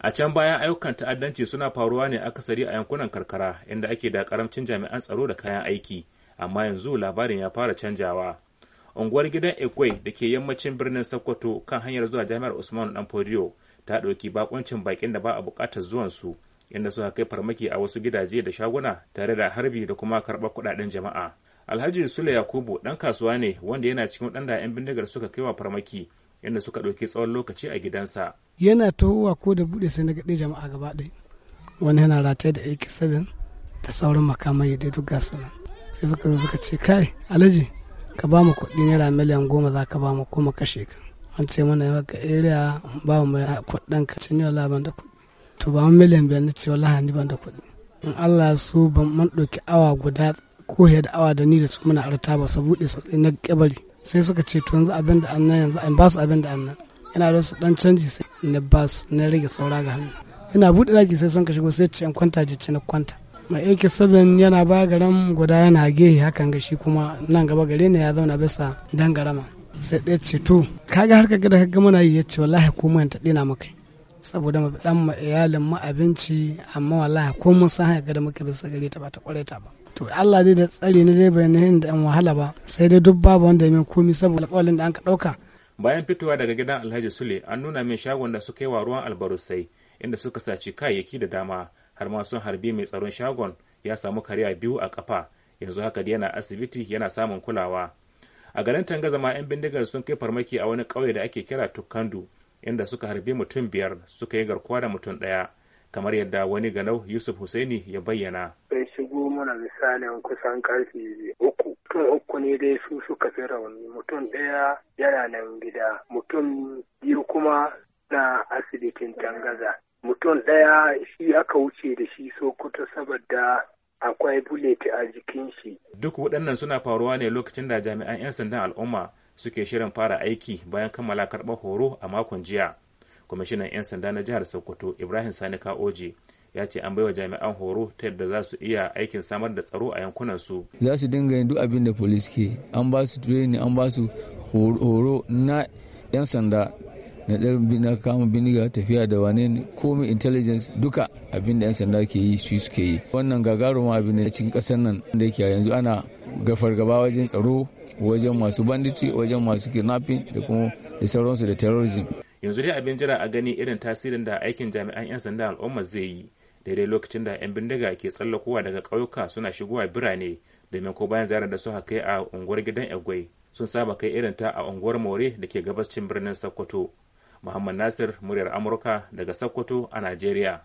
a can baya ayyukan ta'addanci suna faruwa ne akasari a yankunan karkara inda ake da karamcin jami'an tsaro da kayan aiki amma yanzu labarin ya fara canjawa unguwar gidan ekwai da ke yammacin birnin sokoto kan hanyar zuwa jami'ar usman dan podio ta ɗauki bakoncin bakin da ba a buƙatar zuwan su inda suka kai farmaki a wasu gidaje da shaguna tare da harbi da kuma karɓar kuɗaɗen jama'a alhaji sule yakubu ɗan kasuwa ne wanda yana cikin waɗanda 'yan bindigar suka kai wa farmaki yadda suka ɗauki tsawon lokaci a gidansa yana tahowa ko da buɗe sai na gaɗe jama'a gaba ɗaya wani yana rataye da ak7 da sauran makamai da duk gasu sai suka zo suka ce kai alhaji ka ba mu kuɗi naira miliyan goma za ka ba mu kuma kashe ka an ce mana yawa ga area ba mu mai kuɗin ka ce ni wala ban da kuɗi to ba mu miliyan biyar na ce wala ni ban da kuɗi in Allah su ban man ɗauki awa guda ko da awa da ni da su muna arta ba su buɗe su na kabari sai suka ce to yanzu abin da annan yanzu an basu su abin da annan yana da su dan canji sai na ba na rage saura ga hannu ina buɗe daki sai sun ka shigo sai ce an kwanta ce na kwanta mai aiki sabin yana ba garam guda yana gehe hakan ga shi kuma nan gaba gare ne ya zauna bisa dan garama sai ɗaya ce to kaga harka gada kaga muna yi ya ce wallahi ko mu ta ɗina maka saboda mu dan mu iyalin mu abinci amma wallahi ko mun san haka da muke bisa gare ta ba ta kware ta ba to Allah dai da tsare ne dai bayanin da an wahala ba sai dai duk babu wanda ya min komi saboda alƙawarin da an ka ɗauka bayan fitowa daga gidan Alhaji Sule an nuna min shagon da suka yi wa ruwan albarusai inda suka saci kayayyaki da dama har ma sun harbi mai tsaron shagon ya samu kariya biyu a kafa yanzu haka dai yana asibiti yana samun kulawa a garin tangazama 'yan bindigar sun kai farmaki a wani ƙauye da ake kira tukandu inda suka harbi mutum biyar suka yi garkuwa da mutum ɗaya kamar yadda wani ganau yusuf husaini ya bayyana bai shigo mana misalin kusan karfe uku mutum uku ne dai su suka fi rauni mutum ɗaya yana nan gida mutum biyu kuma na asibitin tangaza mutum ɗaya shi aka wuce da shi sokoto saboda akwai bullet a jikin shi duk waɗannan suna faruwa ne lokacin da jami'an 'yan sandan al'umma suke shirin fara aiki bayan kammala karɓar horo a makon jiya kwamishinan 'yan sanda na jihar sokoto ibrahim sani kaoji ya ce an baiwa jami'an horo ta yadda za su iya aikin samar da tsaro a yankunan su za su dinga yin duk abin da polis ke an ba su training an ba su horo na 'yan sanda na kama biniga tafiya da wane komi intelligence duka abin da 'yan sanda ke yi shi suke yi wannan gagaruma abin da cikin ƙasar nan da yake yanzu ana gafar gaba wajen tsaro wajen masu banditi wajen masu kidnapping da kuma da sauransu da terrorism yanzu dai abin jira a gani irin tasirin da aikin jami'an 'yan sanda al'umma zai yi daidai lokacin da 'yan bindiga ke tsallakowa daga ƙauyuka suna shigowa birane domin ko bayan ziyarar da su haka a unguwar gidan egwai sun saba kai irin ta a unguwar more da ke gabascin birnin sokoto muhammad nasir muryar amurka daga sokoto a najeriya